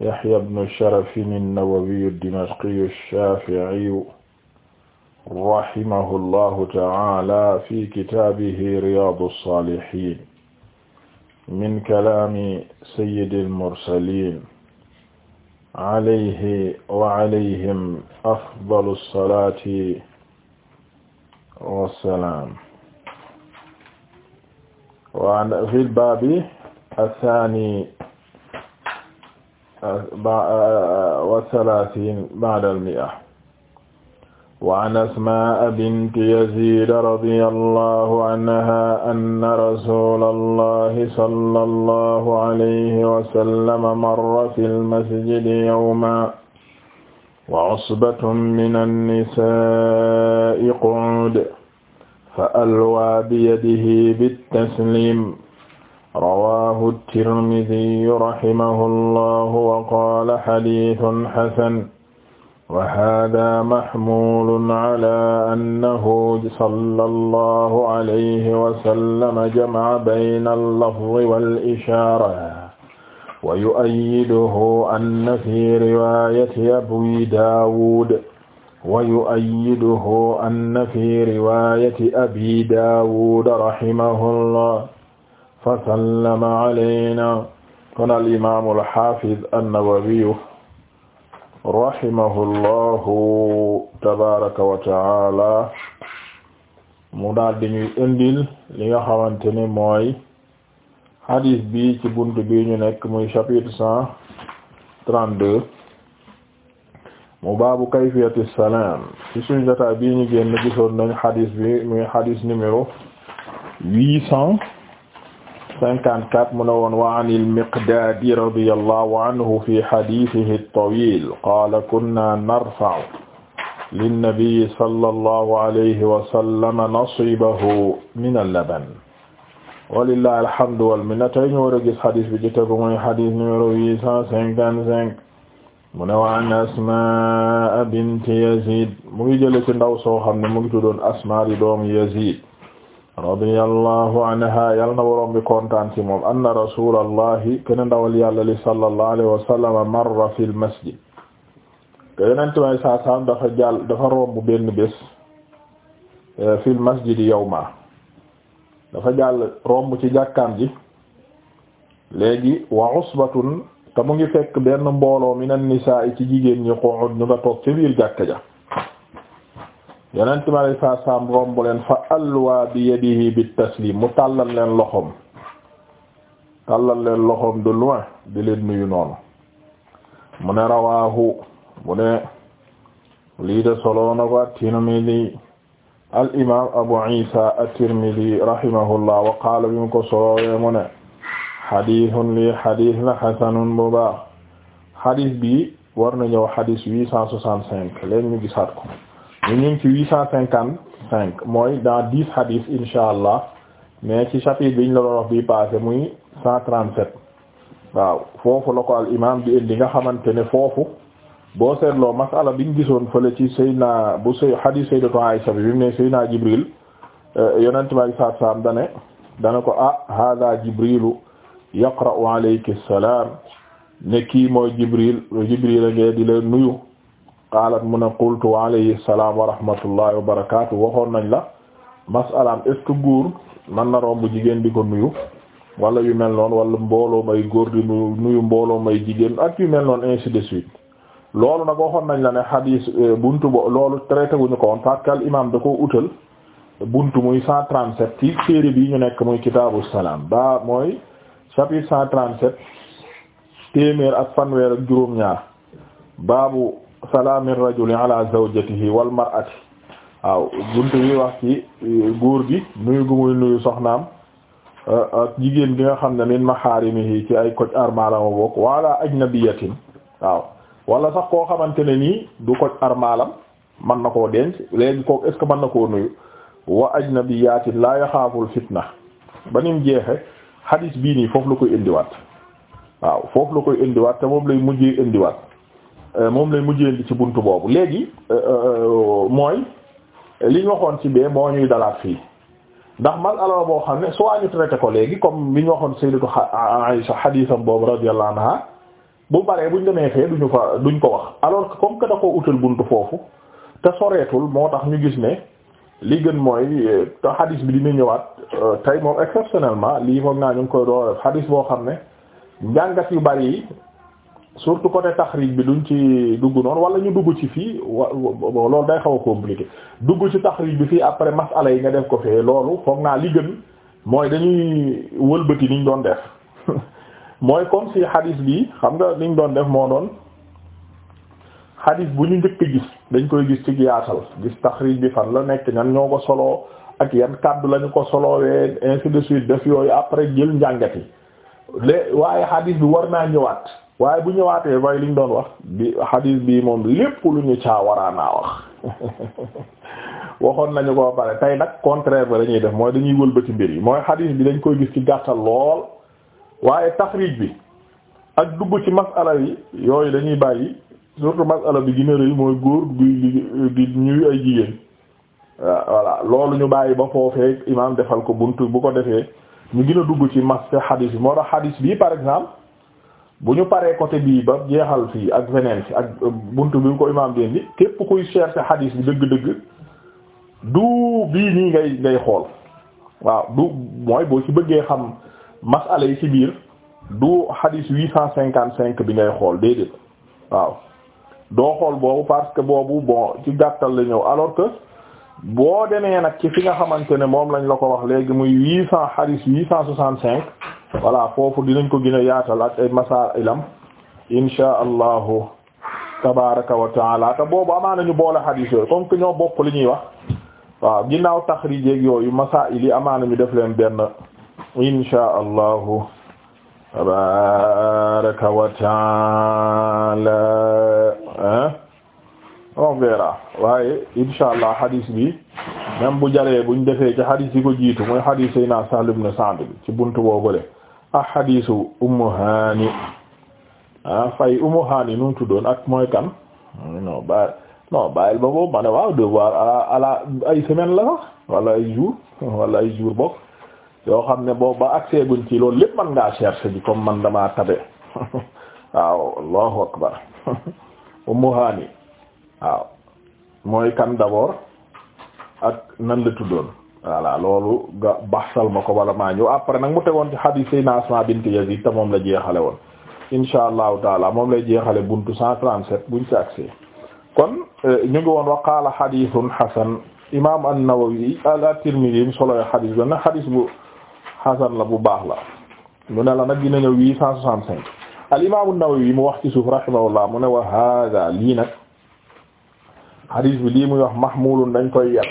يحيى بن شرف النووي الدمشقي الشافعي رحمه الله تعالى في كتابه رياض الصالحين من كلام سيد المرسلين عليه وعليهم أفضل الصلاة والسلام وعن في الباب الثاني wa salaasiin ba'da al-mi'a wa an Asmaa binti Yaziid radiyallahu anhaa anna rasuulallahi sallallahu alayhi wa sallam marra fil masjidi yawman wa usbatun mina an-nisaa'i qu'uudun fa alwaa biyadihi bit-tasliim rawaahu tirmidiyu rahimahullahu wa qaala xadiisun xasan wa haadaa mahmuulun alaa annahu sallallahu alayhi wa sallam jamaca bayna al-lafdi wal ishaara wa yu'ayyiduhu anna fii riwaayati abii daawuud wa yu'ayyiduhu anna fii riwaayati abii daawuud rahimahullah fasallama alayna kon al imaamu alxafiz annawawiyu rahimahu llahu mu daal ñuy indil li nga xamante ne mooy hadith bi ci buntu bi ñu nekk muy chapitre cent mu baabu kayfiyati salaam ci suñu bi ñu génn gisoon nañ hadith numéro huit cent 54 mu ne woon wa an al-Miqdaad radiyallahu anhu fi hadiisihi at-tawiil qaala kunnaa narfa'u linnabiyyi sallallahu alayhi wa sallam nasiibahu mina al-laban walillahi alhamdu wal minna tey ñu war a gis hadiis bi ci tegu mooy hadiis numéro 855 mu ne wa an Asmaa binti Yaziid mu ngi jële ci ndaw soo xam ne mu ngi tuddoon Asmaa di doomu Yaziid radiyallahu anha yal na borom bi kontaan ci moom anna rasulallahi kene ndawal yàlla li sallallahu alayhi wa sallam marra fil masjid te yeneen may saa saam dafa jàll dafa romb benn bés eh, fil masjidi yawma dafa jàll romb ci jàkkaan ji léegi wa usbatun te mu ngi fekk benn mbooloo minan nisaa ci jigéen ñi qu'ud ñu nga toog ci biir jàkka ja yeneen ci ma lay saa saam fa alwaa bi yadihi bi taslim mu tàllal leen loxoom tàllal leen loxoom de loin di leen nuyu noonu mu ne rawaahu mu ne lii de solo na ko at-Tirmidhi al imaam Abu Isa at-Tirmidhi wa qaala bi mu ko solowee mu ne xadiisun lii xadiis la xasanun bu baax bi war na ñëw xadiis huit cent soixante leen ñu gisaat ko ñu ngi ci huit cent cinquante cinq mooy dans dix hadith insha allah mais ci chapitre bi ñu la doon muy cent trente sept waaw foofu la al imam bi indi nga xamante ne foofu boo seetloo masala biñ gisoon fële ci Seydina bu sëy hadith Sayyidatu Aisha bi bi mu ne Seydina Jibril euh, yonent may saat saam dane dane ko ah hada Jibrilu yaqra'u alayki salaam ne kii mooy Jibril Jibril a ngee di la nuyu qaalat mu ne qultu wa alayhi salaam wa rahmatullahi wa barakaatu waxoon nañ la masalaam est ce que góor mën na romb jigéen di ko nuyu wala yu mel noon wala mbooloo may góor di nuyu mbooloo may jigéen ak yu mel noonu ainsi de suite loolu nag waxoon nañ la ne xadiis euh, buntu bo loolu traité wuñu ko woon parce que al imam da ko utal buntu muy 137 ci téere bi ñu nekk muy kitaabu salaam ba mooy chapitre 137 téeméer ak fanweer ak juróom-ñaar baabu. salaami rajuli ala zawjatihi wal mar'ati waaw buntu bi wax ci eh, góor gi nuyu gu muy nuyu soxnaam eh, jigéen bi nga xam ne min maharimihi ci ay koj armaalama bokk wala ajnabiyatin waaw wala sax koo xamante ne nii du koj armaalam mën na koo denc léegi kooku est ce na koo nuyu wa ajnabiyatin la yaxaaful fitna ba nim jeexe hadis bii nii foofu la koy indiwaat waaw foofu la koy indiwaat te moom lay mujjee indiwaat Euh, moom mu mujjee ci bunt boobu léegi euh, euh, mooy li ñu waxoon ci bee moo ñuy dalaat fii ndax mal alal boo xam ne soit ñu traité ko léegi comme bi ñu waxoon sayyidatu Aïsha xadiisam boobu radiyallahu anha bu baree buñ demee fee duñu duñ ko wax alors que comme que da koo utal buntu foofu te soreetul moo tax ñu gis ne li gën mooy te xadis bi dina ñëwaat tey moom exceptionnellement lii foog naa ñu ngi koy door xadis boo xam ne njàngat yu bari yi surtout côté taxrij bi duñ ci dugg noonu wala ñu dugg ci fii wa loolu day xaw a compliqué dugg ci taxrij bi fii après masala yi nga def ko fee loolu foog naa li gën mooy dañuy wëlbëti niñ doon def mooy comme si xadis bi xam nga liñ doon def moo doon xadis bu ñu njëkk gis dañ koy gis ci yaatal gis taxrij bi fan la nekk ñan ñoo ko solo ak yan kàddu lañu ko soloowee ainsi de suite def yooyu après jël njàngat yi lé waaye xadiis bi war naa ñëwaat waaye bu ñëwaatee way liñ doon wax bi xadiis bi moom lépp lu ñu caa wax waxoon nañu ko pare tey nag contraire ba dañuy def mooy dañuy wëlbati mbir yi mooy xadiis bi dañ koy gis ci gàttal lool waaye taxriij bi ak dugg ci masala yi yooyu dañuy bàyyi surtout masala bi gën a rëy mooy góor guy di ñuy ay jigéen voilà loolu ñu bàyyi ba foofee imaam defal ko bunt bu ko defee ñu gën a dugg ci mas xadis bi moo tax xadis bii par exemple bu ñu paree côté bii ba jeexal fii ak beneen fi ak euh, bunt bi ko imaam den képp kuy chercher xadis bi dëgg-dëgg du bii nii ngay ngay xool waaw du mooy boo ci bëggee xam masala yi ci biir du xadis huit cent cinquante cinq bi ngay xool déedéet waaw doo xool boobu parce que boobu bon ci gàttal la ñëw alors que boo demee nag ci fi nga xamante ne moom lañ la ko wax léegi muy huit cent hadith huit cent soixante cinq voilà foofu dinañ ko gën a yaatal ak ay masaar ilam insha allahu tabaraka wa taala boobu amaa nañu boole hadith yooyu comme que ñoo bokk li ñuy wax waaw ginnaaw taxrij ak yooyu masaa'il yi amaa nañu def leen benn insha allahu tabaraka wa taala on verra waaye insha allah hadis bi même bu jaree buñ defee ci hadis yi ko jiitu mooy hadis yi naa Sahl ibn Sa'd bi ci buntu boobule ak ah, hadisu Ummu Haani ah, fay Ummu Haani nu tuddoon ak mooy kan non ba non bàyyil ba boobu ma ne waaw devoir à la ay semaine la sax wala ay jour wala ay jour bokk yoo xam ne boobu ba accès guñ ci loolu lépp man ngaa chercher ji comme man damaa tabe waaw allahu akbar Ummu Haani waaw mooy kan d'abord ak nan la tuddoon voilà loolu nga baxsal ma ko wala maa ñëw après nag mu tegoon ci hadith sayna Asma bint Yazid te moom la jeexale woon insha allahu taala moom lay jeexale buntu 137 buñ ci agsee kon euh, ñu ngi woon wa qaala hadithun hasan imam an-Nawawi at-Tirmidhi mu soloy hadith ba nag hadith bu hasan la bu baax la mu ne la nag dina ñëw 865 al imam an-Nawawi mu wax ci suuf rahimahullah mu ne wa hada lii nag xadis bi lii muy wax mahmulun dañ koy yen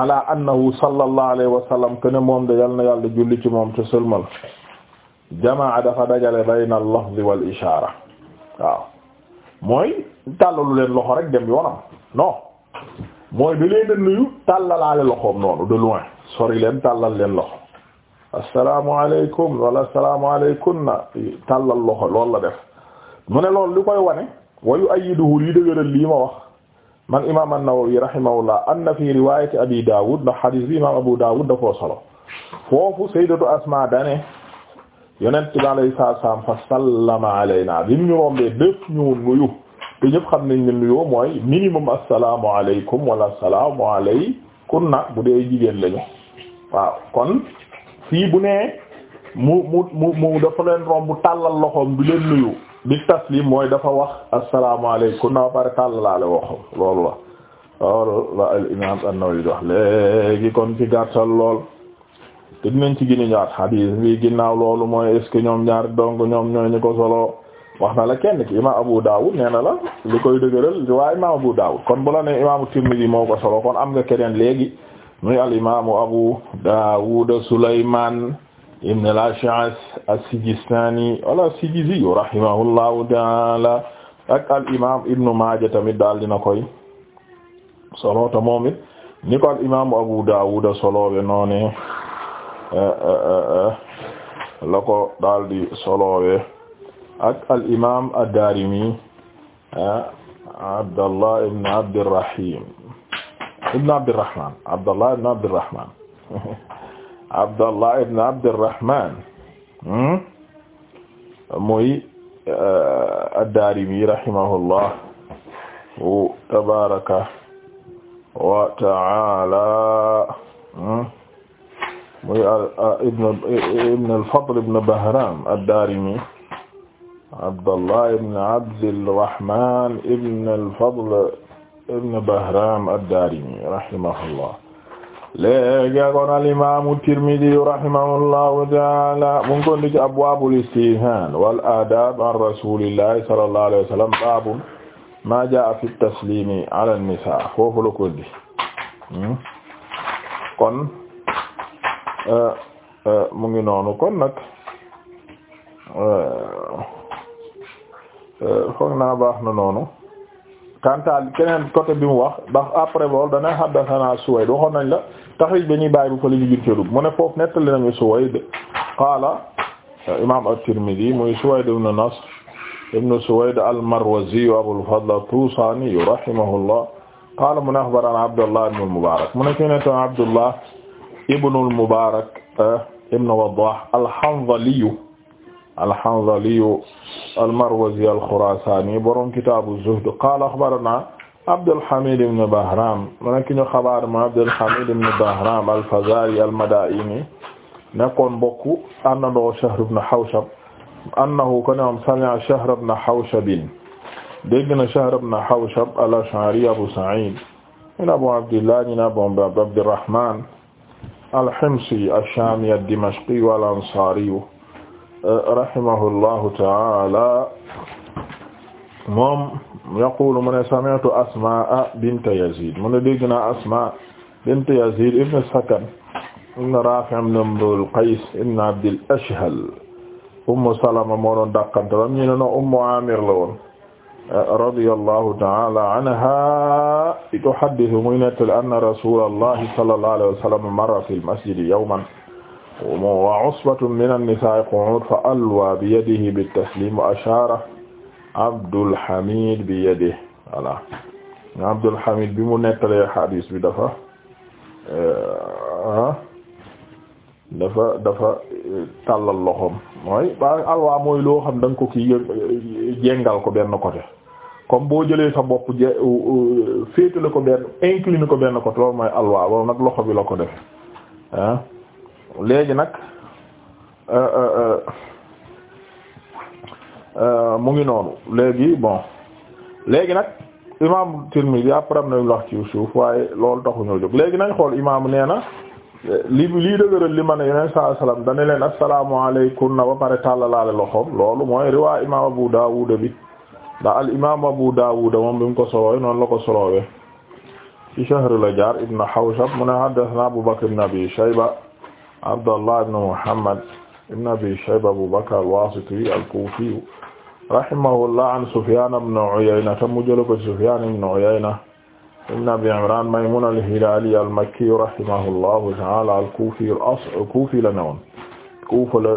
ala annahu alayhi wa sallam kene moom de yal na yàlla julli ci moom te jamaa dafa dajale bayna al-lafzi wal ishaara waaw mooy tàllalu leen loxo rek dem yoonam non mooy da leen a nuyu tàllalaale loxoom noonu de loin sori leen tàllal leen loxo asalaamualeykum wala asalaamualeykunna tàllal loxo loolu la def mu ne loolu li koy wane wayu ayiduhu lii dëgëral lii ma wax man imam an-Nawawi rahimahullah anna fi riwayati abi Dawud ndax hadis bi imam Abu Dawud dafoo solo foofu sayyidatu Asma dane yonent bi alayhi salaam fa sallama alayna bi ñu rombee def ñu nuyu te ñëpp xam nañ ne nuyoo mooy minimum assalaamu alaykum wala assalaamu alaykunna bu dee jigéen lañu waaw kon fii bu nee mu mu mu dafa leen romb tàllal loxoom bi leen nuyu bi taslim mooy dafa wax asalaamaaleykum na pare tàllalaale waxu loolu la loolu la al imam an-Nawawi wax léegi kon ci gàttal lool te nañ ci gini ñaat xadiis bi ginnaaw loolu mooy est ñoom ñaar dong ñoom ñooy ñu ko solo wax na la kenn ki imam Abu Dawud nee na la li koy dëgëral waa imam Abu Dawud kon bu la ne imam Tirmidhi moo ko solo kon am nga keneen léegi muy al imam Abu Dawud Sulaymaan ibn al-Ash'ath as-Sijistani wala Sijizi rahimahullahu ta'ala ak al imaam Ibn Maaja tamit daal dina koy solo ta moom it ni ko al imaam Abu Daawuda solo be noone eh, eh, eh, la ko daal di solo be ak al imaam ad-Daarimi Abdallah ibn Abdirrahim ibn Abdirrahman Abdallah ibn Abdirrahman Abdallah ibn Abdirrahman hmm? muy uh, ad-Daarimi rahimahullah tabaaraka wa ta'aala hmm? muy uh, uh, ibn al-Fadl ibn Bahraam ad-Daarimi Abdallah ibn Abdirrahman ibn al-Fadl ibn Bahraam ad-Daarimi rahimahullah léegi kon al imaamu Tirmidi rahimahullahu taala mu ngi ko indi ci abwaabul istihzaan wal aadaab an rasuulillahi sallallahu alayhi wa sallam baabu maa jaa'a fi tasliimi ala nisaa foofu la ko indi hmm? kon euh, euh, noonu kon nag euh, foog naa baax na noonu. kanta keneen côté bi mu wax ndax après loolu dana haddathana Suwayd waxoon nañ la taxrij ba ñuy bàyyi bu fa la ñu gën mu ne foofu nettali nañu Suwayd qaala imaam at-Tirmidhi muy Suwayd ibn Nasr ibn Suwayd al-Marwazi Abul Fadl at-Tusani rahimahullah qaala mu ne akhbarana Abdullah ibn al-Mubarak mu ne keneen Abdullah ibn al-Mubarak eh, ibn Waddah al-Hanzali alhanzaliyu almarwazi alxurasani borom kitaabu zuhd qaala axbarana abdulhamid ibn bahram ma nekk ñu xabaar ma abdulhamid ibn bahram alfazari almadaini nekkoon mbokku àndandoo shahr ibn hawshab annahu ko neam sami'a shahr ibn hawshab dégg na shahr ibn hawshab al-ash'ari abu sa'id min abu abdillah min abu abdirrahman alhimsi ash-shami ad-dimashqi wal ansari rahimahullahu taala moom yaqulu mu ne sami'tu asmaa bint yazid mu ne dégg naa asma bint yazid ibn sakan ibn rafi' ibn abdul qais ibn abdil ashhal ummu salama moo doon dàqantalam ñu ne no ummu amir la woon radiyallahu taala anha tuhaddithu muy nettali anna rasulallahi sallallahu alayhi wa sallam marra fil masjidi yawman wa usbatun min an-nisaa qu'ud fa alwa bi yadihi bit-taslim wa ashaara Abdul Hamid bi yadihi voilà Abdul Hamid bi mu nettalee hadis bi dafa euh, ah, dafa dafa euh, tàllal loxoom mooy ba alwa mooy loo xam da ko kii jéngal ko benn côté comme boo jëlee sa bopp euh, féetale ko benn incline ko benn côté loolu mooy alwa loolu loxo bi la ko def ah. léegi nag euh, euh, euh, mu ngi noonu léegi bon léegi nag imam Tirmidhi après am nañ wax ci suuf waaye loolu taxu ñoo jóg léegi nañ xool imam nee na li lii dëgëral li ma ne yeneen saa salaam dana leen asalaamaaleykum na ba pare tàllalaale loxoom loolu mooy riwaa imam Abu Dawud bi ndax al imam Abu Dawud moom bi mu ko soloowe noonu la ko soloowe ci Shahr la jaar ibn Hawshab mu ne haddathana Abu Bakr ibn Abi Shayba Abdallah ibn Muhammad ibn Abi Shayba Abu Bakr al-Wasiti al-Kufi rahimahullah an Sufyan ibn Uyayna ta mu jële ko Sufyan ibn Uyayna ibn Abi Imran Maymun al-Hilali al-Makki rahimahullahu ta'ala al-Kufi al-asl Kufi la newoon Kufa la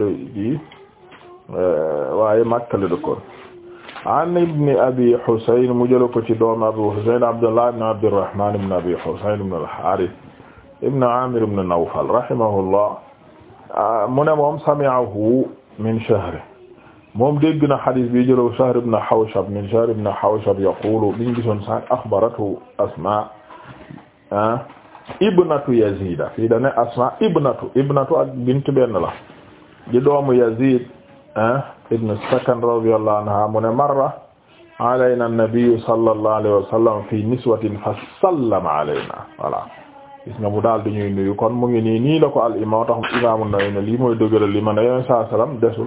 la ji eh, waaye Makka la dëkkoon an ibn Abi Husayn mu jële ko ci doom Abu Husayn Abdallah ibn Abdurrahman ibn Abi Husayn ibn al-Harith ibn Amir ibn Nawfal rahimahullah ah, mu ne moom sami'ahu min Shahr moom dégg na xadis bi jëlaw Shahr ibn Hawshab min Shahr ibn Hawshab yaqulu biñ gisoon sax axbaratu Asma ah, ibnatu Yazid fii dane Asma ibnatu ibnatu ak bintu benn la di doomu Yazid ah, ibn Sakan radiyallahu anha mu ne marra alayna an-nabiyyu sallallahu alayhi wa sallam fi niswatin fa sallama alayna voilà gis nga mu daal di ñuy nuyu kon mu ngi nii nii la ko al imam tax imaamu Nawawi ne lii mooy dëgëral li ma ne yeneen saa salaam desul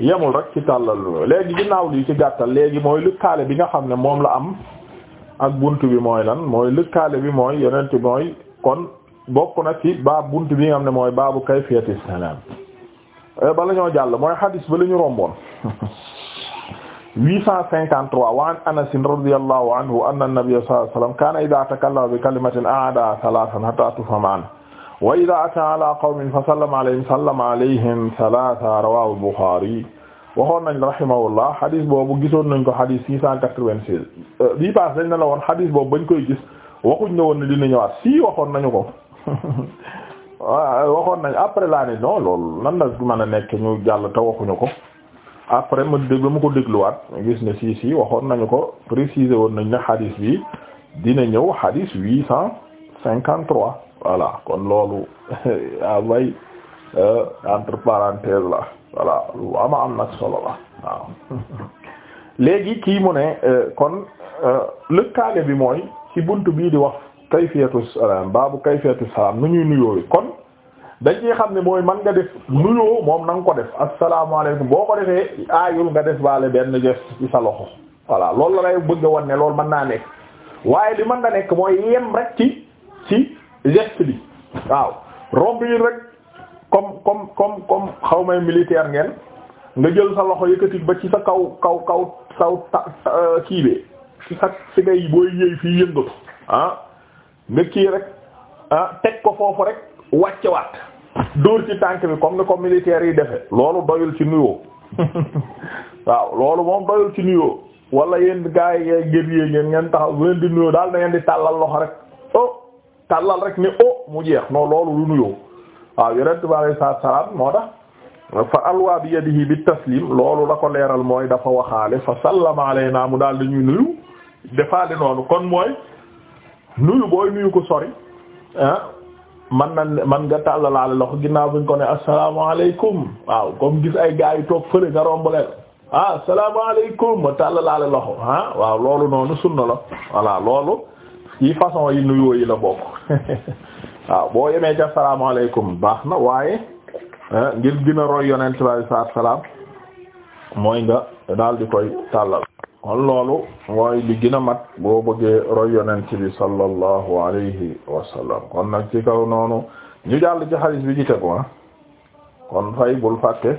yemul rek ci tàllal léegi ginnaaw lii ci gàttal léegi mooy lëkkaale bi nga xam ne moom la am ak bunt bi mooy lan mooy lëkkaale bi mooy yeneen mooy kon bokk nag ci baab bunt bi nga xam ne mooy baabu kayfiyati salaam eh, bala ñoo jàll mooy hadis ba la ñu romboon 853 wa an Anas radiyallahu anhu anna an-nabiyya sallallahu alayhi wa sallam kana bi kalimatin a'adaha thalathan hatta tufhama anhu wa idha ata ala fa sallama alayhim sallama alayhim thalathan rawahu al-Bukhari waxoon nañ rahimahullah hadis boobu gisoon nañ ko hadis 696 euh, bii paas dañ ne la woon hadis boobu bañ koy gis waxuñ na woon ne dina ñëwaat si waxoon nañu ko waxoon nañ après laa ne non loolu nan la mën a nekk ñu jàll te waxuñu ko après ma déglu ma ko dégluwaat gis ne si si waxoon nañu ko préciser woon nañ ne xadis bi dina ñëw xadis huit cent cinquante trois voilà kon loolu a way euh, entre parenthèses la voilà lu ama am nag solo la waaw léegi kii mu ne euh, kon euh, lëkkaale bi mooy ci bunt bii di wax kayfiyatu salaam baabu kayfiyatu salaam nu ñuy nuyooyu kon dañ ciy xam ne mooy man nga def nuyoo moom na ko def asalaamaaleykum boo ko defee aayul nga def baale benn geste ci sa loxo voilà loolu la lay bëgg a wan ne loolu mën naa nekk waaye li man nga nekk mooy yem rek ci ci geste bi waaw romb yi rek comme comme comme comme xaw may militaire ngeen nga jël sa loxo yëkkati ba ci sa kaw kaw kaw saw ta euh, kii bee ci sa si ngay booy yëy fii yëngatu ah nga kii rek ah teg ko foofu rek wàcce waat dóor ci tànk bi comme ni ko yi defe loolu doyul ci nuyoo waaw loolu moom doyul ci nuyoo wala yéen gaa ye ngeen gërëyee ngeen ngeen taxaw ngeen di nuyoo daal da di tàllal loxo rek oh tàllal rek ne oh mu jeex non loolu lu nuyoo waaw yonent bi alayhi salaatu salaam moo tax fa alwaa bi yadihi bi taslim loolu la ko leeral mooy dafa waxaale fa sallama alaynaa mu daal di ñuy nuyu defaale noonu kon mooy nuyu booy nuyu ko sori ah man na man nga tàllalaale loxo ginnaaw buñ ko ne asalaamaaleykum waaw comme gis ay gaa yu toog fële nga romb leen ah asalaamaaleykum ma tàllalaale loxo ah waaw loolu noonu sunna la voilà loolu ci façon yi nuyoo yi la bokk waaw boo yemee ci asalaamaaleykum baax na waaye eh, ngir gën a roy yonent bi sallallahu alayhi mooy nga daal di koy tàllal kon loolu mooy li gën mat boo bëggee roy yonent bi sallallahu alayhi wa kon nag ci kaw noonu ñu jàll ci xadiis bi ci tegu ah. kon fay bul fàtte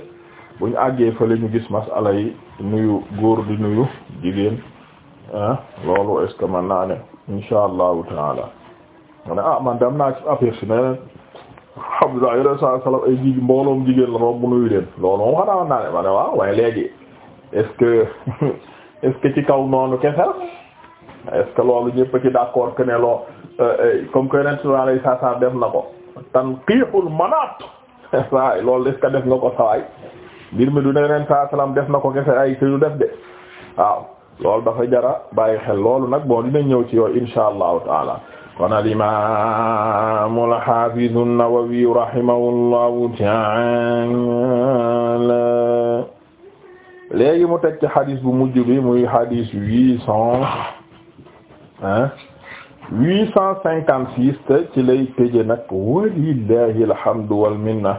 buñ àggee fële ñu gis masala yi nuyu góor di nuyu jigéen ah loolu est ce que mën naa taala ma ne ah, man dem naa ci aperçu ne leen alhamdulilah yeneen saa salaam ay jigéen la nuyu leen loolu moom xanaa naa ne ma ne waaw waaye léegi est est ci kaw noonu kese la est-ce loolu ñëpp ci d'accord que loo euh, euh, comme que ren subaana yi saa saa def na ko tanqiixul manaat saay loolu est def nga ko sawaay mbir mi du ne ren saa def na ko kese ay te du def de waaw loolu dafa jara bàyyi xel loolu nag bon dina ñëw ci yooyu insha allahu taala. kon al imaam al haafiz an-Nawawi rahimahullahu ta'ala léegi mu teg ci xadis bu mujj bi muy xadis huit cent ah huit cent cinquante six te ci lay tëje nag walillahi alhamdu wal minna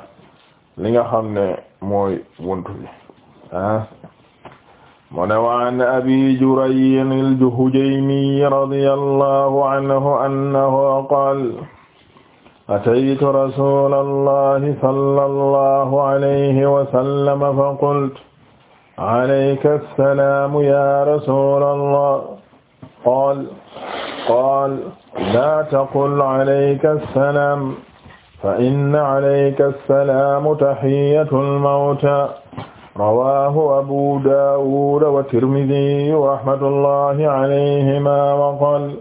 li nga xam ne mooy buntu bi ah mu ne wa an abi juray al-Juhjaymi radiyallahu anhu annahu qaala ataytu rasulallahi sallallahu alayhi wa sallam fa qultu alayka assalaamu ya rasuulallah qaal qaal laa taqul alayka assalaam fa inna alayka assalaamu tahiyyatul mawtaa rawaahu abu daawuud wa tirmidhi rahmatullahi alayhimaa wa qaala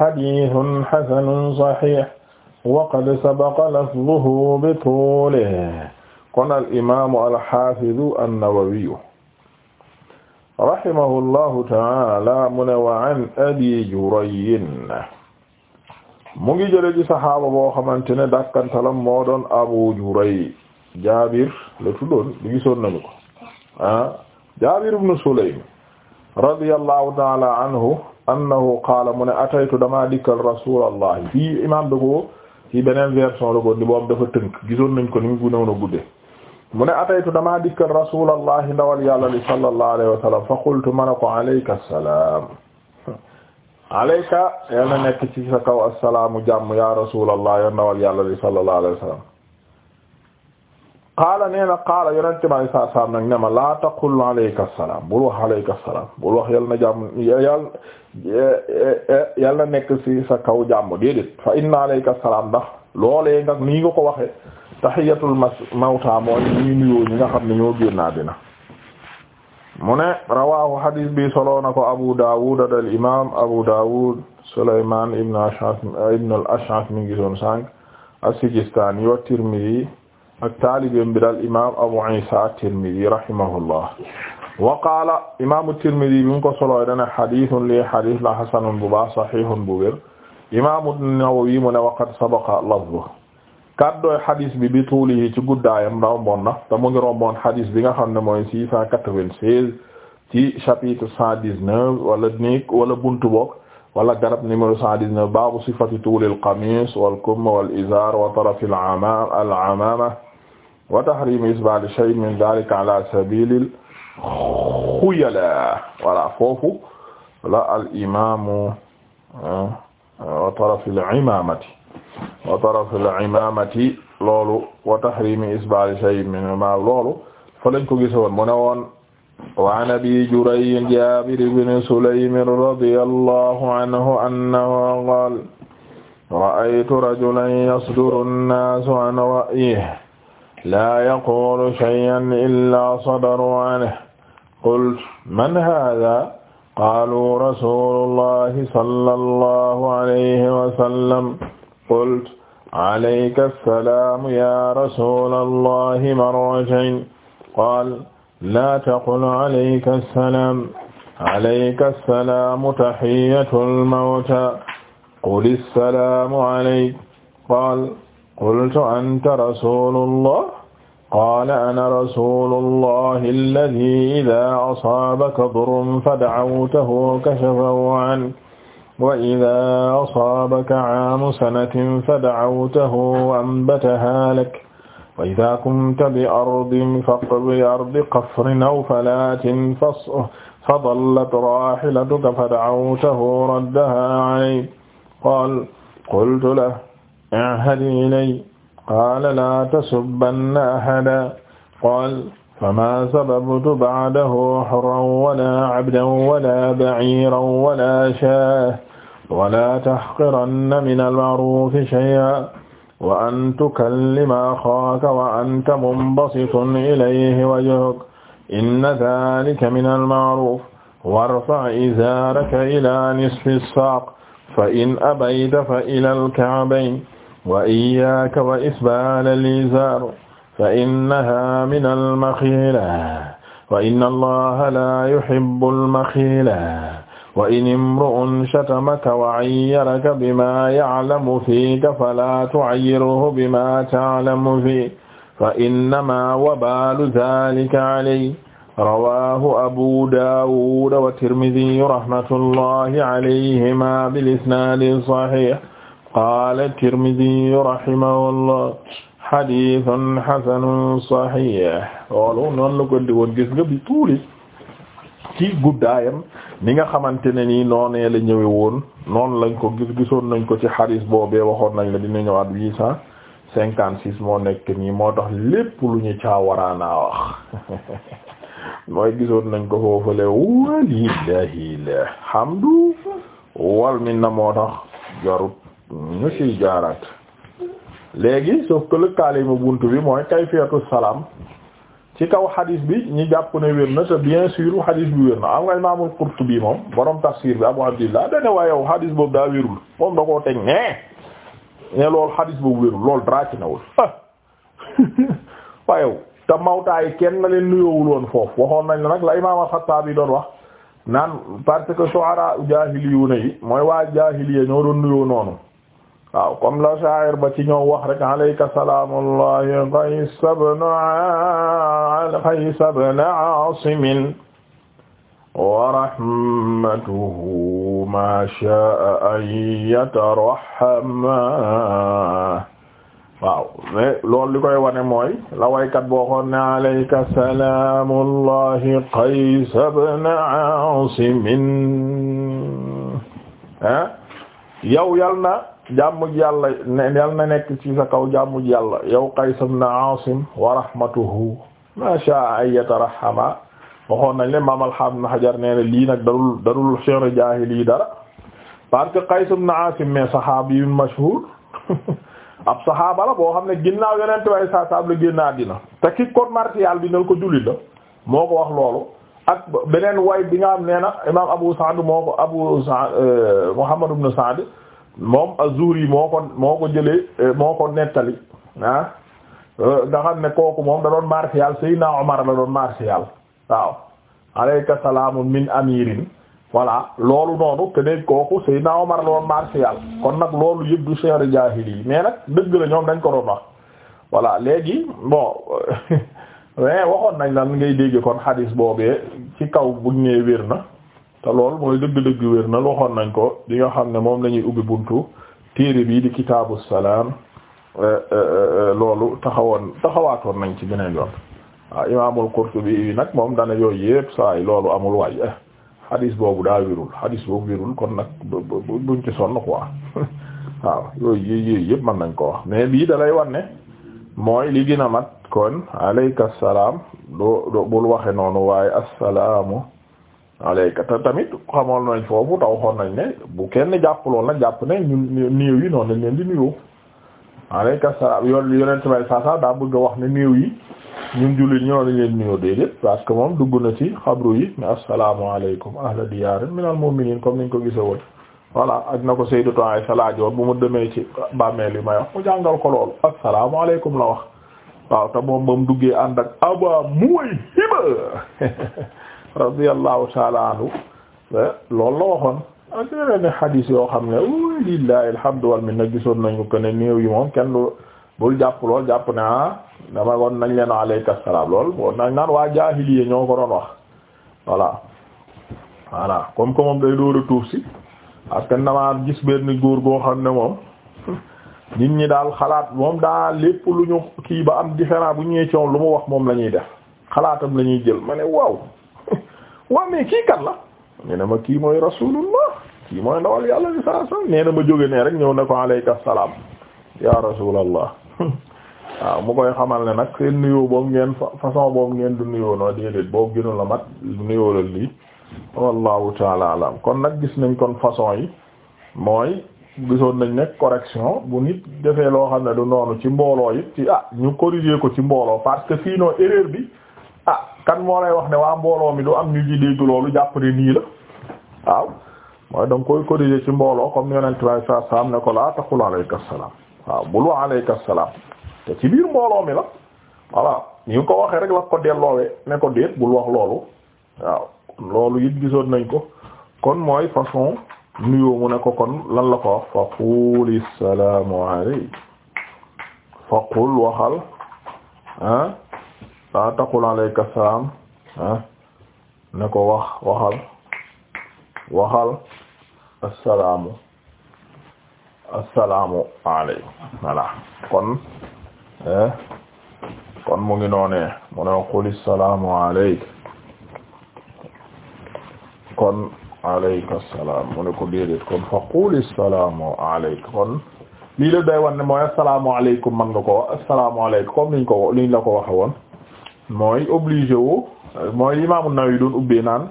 hadiithun hasanun sahiih wa qad sabaqa lafzuhu bi tuulihi kon al imaamu al haafidu an-nawawiyu rahimahullahu taala mu ne waa an jurayin mu ngi jële ci saxaaba boo xamante ne dakkantalam moo doon abu juray jaabir la tuddoon du gisoon nañu ko ah jaabir ibn sulaym radiyallahu taala anhu annahu qaala mu ne ataytu damaa dikkal rasulallahi fii imam da ko ci beneen version la ni boobu dafa tënk gisoon nañ ko ni mu gënoon a gudde mu ne ataytu damaa dikkal rasulallahi ndawal yàlla li sallallahu alayhi wa sallam fa qultu ko alayka salaam alayka yal na nekk ci sa kaw assalaamu jàmm ya rasulallah ya yàlla li sallallahu alayhi wa sallam qaala nee na qaala yonente ma saa saam nag ne laa taqul alayka salaam salaam bul yal na jàmm yal nekk ci sa kaw jàmm déedéet fa inna salaam ndax loolee nga nii nga ko waxee tahiyatul mawta mooy ñuy nuyoo ñi nga xam ne ñoo génn àddina mu ne rawahu hadis bi solo na ko Abu Dawud al imam Abu Dawud Sulayman ibn Ash'ath ibn al-Ash'ath mi ngi gisoon sànq as-Sijistani wa Tirmidhi ak taalibem bi dal imam Abu Isa at-Tirmidhi rahimahullah wa qaala imam at-Tirmidhi bi mu ko solo dana hadithun li hadith la hasanun bu baax sahihun bu wér imam an-Nawawi mu ne wa qad sabaqa lafzuhu kaddooy xadis bi bi tuulihi ci guddaayam romboon na te mu bi nga xam ne mooy six cent quatre-vingt-seize ci wala néeg wala buntu wala garab numéro cent dix-neuf baabu sifati tuulil qamis wal kumm wal izar wa taraf al amama al amama ah, wa tahrim isbal wa taraf al-imaamati loolu wa tahrimi isbaal shay'in minhumaa loolu fa lañ ko gisoon mu ne woon wa an abi Jurayj Jaabir ibn Sulaym radiyallahu anhu annahu qaala ra'aytu rajulan yasduru an-naasu an ra'yihi laa yaqulu shay'an illaa sadaru anhu qultu man haadhaa qaaluu rasuulullaahi sallallahu alayhi wa sallam qult alayka assalaamu ya rasula allahi marratayn qaal laa taqul alayka assalaam alayka assalaamu tahiyyatu almawta qul assalaamu alayka qaal qultu anta rasulu allah qaala ana rasulu allahi alladhi idaa asaabaka durrun fada'awtahu kashafahu anka wa idaa asaabaka caamu sanatin fadacawtahu ambatahaa lak wa idaa kunta bi ardin bi ardi qafrin aw falaatin fadallat raaxilatuka fadacawtahu raddahaa calayk qaala qultu lahu ichhad ilay qaala laa tasubbanna ahadan qaala فما سببت بعده حرا ولا عبدا ولا بعيرا ولا شاة ولا تحقرن من المعروف شيئا وأن تكلم أخاك وأنت منبسط إليه وجهك إن ذلك من المعروف وارفع إزارك إلى نصف الساق فإن أبيت فإلى الكعبين وإياك وإسبال الإزار fa innaha min almaxiila wa inna allaha la yuhibbu almaxiila wa in imru'un shatamaka wa ayyaraka bima ya'lamu fiika fala tu'ayyirhu bima ta'lamu fiihi fa innama wabaalu dhaalika alayhi rawaahu abu daawud wa tirmidhi rahmatullahi alayhima bil isnaadi sahiih qaala tirmidhi rahimahullah xadiisun xasanun saxiix loolu noonu la ko di woon gis nga bi tuuli ci guddaayam ni nga xamante ne nii noonee la ñëwe woon noonu lañ ko gis gisoon nañ ko ci xadiis boobee waxoon nañ la dina ñëwaat huit cinquante six moo nekk nii moo tax lépp lu ñu caawaraanaa wax mooy gisoon nañ ko foofale walillahi alhamdu wal minna moo tax jarut ñu ciy jaaraat léegi sauf que lëkkaale ma bunt bi mooy kayfiyatu salaam ci kaw xadis bi ñi jàpp ne wér na te bien sûr xadis bi wér na am nga imaamul Qurtubi moom borom tafsir bi Abu Abdillah dane waaye yow xadis boobu daa wérul moom da koo teg ne ne loolu xadis boobu wérul loolu dara ci nawul ah waaye te mawtaay kenn na leen nuyoowul woon foofu waxoon nañ la nag la imaam al-Xattaabi doon wax naan parce que shu'ara jaahiliyuuna yi mooy waa jaahiliya ñoo doon nuyoo noonu waaw comme la sha'ir ba ci ñoo wax rek alayka salaamullahi Qays ibn Qays ibn Aasim wa rahmatuhu ma sha'a an yatarahhama waaw mais loolu li koy wane mooy la waykat boo xoon ne alayka salaamullahi Qays ibn Aasim ah yow yal na jàmm ji yàlla yal na nekk ci sa kaw jàmm ji yàlla yow Qays ibn Aasim wa rahmatuhu ma sha'a an yatarahama waxoon nañ leen maam al-Hafiz Ibn Hajar lii nag darul darul shi'r jaahili dara parce que Qays ibn Aasim mais saxaabi mashhuur ab saxaaba la boo xam ne ginnaaw yeneen tubaab saa saa la génn àddina te ki code martial bi nañ ko jullit la moo ko wax loolu ak beneen way bi nga xam nee na Abu Sa'd moo ko Abu sa euh, Muhammad ibn Sa'd moom az-Zuhri moo ko moo ko jëlee eh, moo ko nettali ah eh, nga xam ne kooku moom da doon martial Seydina Omar la doon martial waaw alayka salaamu min amirin voilà loolu noonu te ne kooku Seydina Omar la doon martial kon nag loolu yëpp du seeri jaahili yi mais nag dëgg la ñoom dañ ko doon wax voilà léegi bon mais waxoon nañ lan ngay dégg kon xadiis boobee ci kaw buñ nee wér na te lool mooy dëgg-dëgg wér na waxoon nañ ko di nga xam ne moom la ñuy ubbi buntu téere bii di kitaabu salaam eh, eh, eh, loolu taxawoon taxawaatoon nañ ci beneen yoon waaw ah, imaamul Qurtubi nag moom dana yooyu yëpp saa yi loolu amul waay xadis boobu daal wérul xadis boobu wérul kon nag duñ ci sonn quoi waaw yooyu yooyu yëpp mën nañ ko wax mais bii dalay wan mooy li gën a mat kon aleyka salaam doo doo bul waxe noonu waaye assalaamu alayka te tamit xamoon nañ foofu taw xoon nañ ne bu kenn jàpp lool nag jàpp ne ñu néew yi noonu lañ leen di nuyoo alayka salaam yoon yonent bay saasaa daa bëgg a wax ne néew yi ñun jullit ñoo lañ leen nuyoo déedéet parce que moom dugg na ci xabru yi mais assalaamu alaykum ahla diyaarin minal mu'miniin comme niñ ko gisee woon voilà ak na ko Sayyidatu Aysa laajoon bu mu demee ci bàmmeel li may wax mu jàngal ko loolu assalaamu alaykum la wax waaw te moom ba mu duggee radiyallahu taala anhu eh, lool la waxoon ak ah, yeneen xadiis yoo xam ne lillahi alhamdu wal minna gisoon nañu ko ne néew yi moom kenn bul jàpp lool jàpp ne ah dama woon nañ leen aleyka salaam lool boo nañ naan waa ñoo ko doon wax voilà voilà comme que moom day door a tuuf si parce que gis benn góor goo xam ne moom nit ñi daal xalaat moom daa lépp lu ñu kii ba am différent bu ñëwee ci lu mu wax moom la ñuy def xalaatam la ñuy jël ma ne waaw waaw mais kii kan la nee ma kii mooy rasulullah kii mooy ndawal yàlla bi saa saa nee na ma jóge nee rek ñëw na ko aleyka salaam ya rasulallah waaw mu koy xamal ne nag seen nuyoo boobu ngeen façon boobu ngeen du nuyoo noo déedéet boobu gënu la mat nuyoo la lii wallahu taala alam kon nag gis nañ kon façon yi mooy gisoon nañ nekk correction bu nit defee loo xam ne du noonu ci mbooloo it ci ah ñu corriger ko ci mbooloo parce que fii noo erreur bi ah kan moo lay wax ne waa mbooloo mi du am ñu ji dégg loolu jàpp nii la waaw mooy danga koy corriger ci mbooloo comme yonent bi alayhi salaatu salaam ne ko laa taqul alayka salaam waaw bul wax alayka salaam te ci biir mbooloo mi la voilà ñu ngi ko waxee rek la ko delloowee ne ko déet bul wax loolu waaw loolu it gisoon nañ ko kon mooy façon nuyoo mu ne ko kon lan la ko wax fa salaamu alayk fa waxal ah, laa taqul alayka salaam ah, ne ko wax waxal waxal assalaamu assalaamu alaykum voilà kon eh, kon mu ngi noonee mu ne qul assalaamu alayk kon alayka salaam mu ne ko déedéet kon fa qul assalaamu alayk kon lii la day wan mooy assalaamu alaykum man nga ko wax assalaamu alaykum comme niñ la ko waxe woon mooy obligé wu mooy imaamu Nawawi doon ubbee naan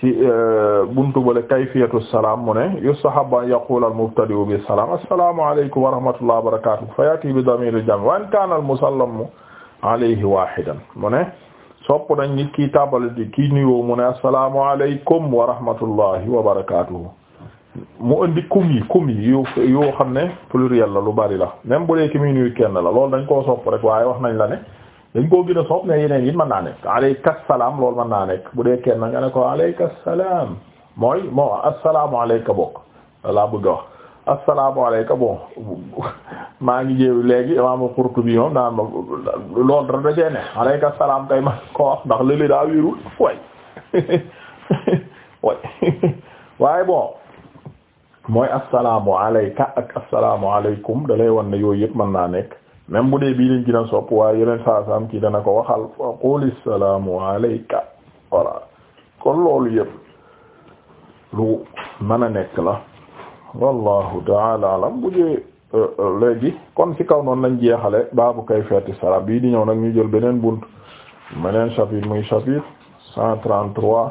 ci euh, buntu bale kayfiyatu salaam mu ne yustahabbu an yaqula al mubtadi'u bi salaam assalaamu alaykum wa rahmatullahi wa barakatuh fa yati bi damir al jam' wa in kana al musallamu alayhi wahidan mu ne sopp nañ nit kii tàmbali di kii nuyoo mu ne assalaamu alaykum wa rahmatullahi wa barakatuh mu indi kum yi kum yi yoo xam ne pluriel la lu bari la même bu dee ki muy nuyu kenn la loolu dañ koo sopp rek waaye wax nañ la dañ koo gën a sopp ne yeneen yi mën naa nekk aleyka salaam loolu mën naa nekk bu dee kenn nga ne ko aleyka salaam mooy moo assalaamu aleyka bokk laa bëgg ngi jéew léegi imaam ne aleyka salaam kay ma ko wax ndax lële daa wérul way way waaye bon mooy assalaamu aleyka ak assalaamu aleykum dalay wan ne yooyu yëpp mën naa nekk même bu dee bii lañ gën a sopp waaye yeneen saa saam kii dana ko waxal fa qul salaamu alayka voilà kon loolu yëpp lu mën a nekk la wallahu taala alam bu dee euh, euh, léegi kon ci kaw noonu lañ jeexale baabu kayfiyati salaam bii di ñëw nag ñu jël beneen bunt beneen chapitre muy chapitre cent trente-trois